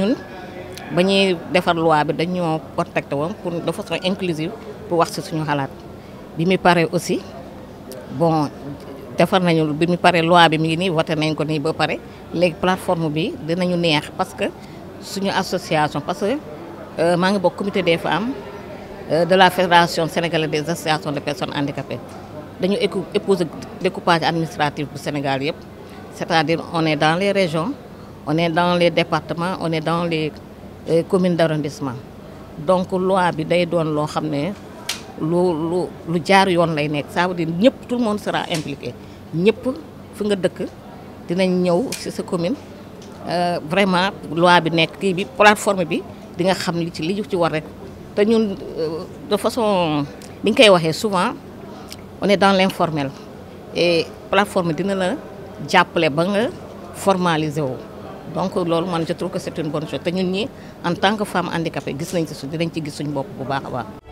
ñun ba ñuy defar loi bi dañoo contacté woon pour de façon inclusive pour wax ci suñu xalaat bi mu paree aussi bon defar nañu bi mu paree loi bi mi ngi nii voté nañ ko nii ba pare léegi plateforme bi dinañu neex parce que suñu association parce que euh, maa ngi bokk comité des femmes euh, de la fédération sénégalaise des associations de personnes handicapées dañu épouse découpage administratif bu Sénégal yëpp cest on est dans les régions on est dans les départements on est dans les euh, communes d'arrondissement donc loi bi day doon lo xamné ne lu lu lu jaar lay ça veut dire ñëpp tout le monde sera impliqué ñëpp fi nga dëkk dinañ ñëw ci sa commune euh, vraiment loi bi nek kii bi plateforme bi di nga xam li ci li ci war rek te ñun euh, de façon bi qu'on koy souvent on est dans l'informel et plateforme dina la jàppale ba nga formaliser donc loolu man je trouve que c'est une bonne chose te ñun ñi en tant que femme handicapée gis nañ ci su dinañ ci gis suñ bopp bu baax a baax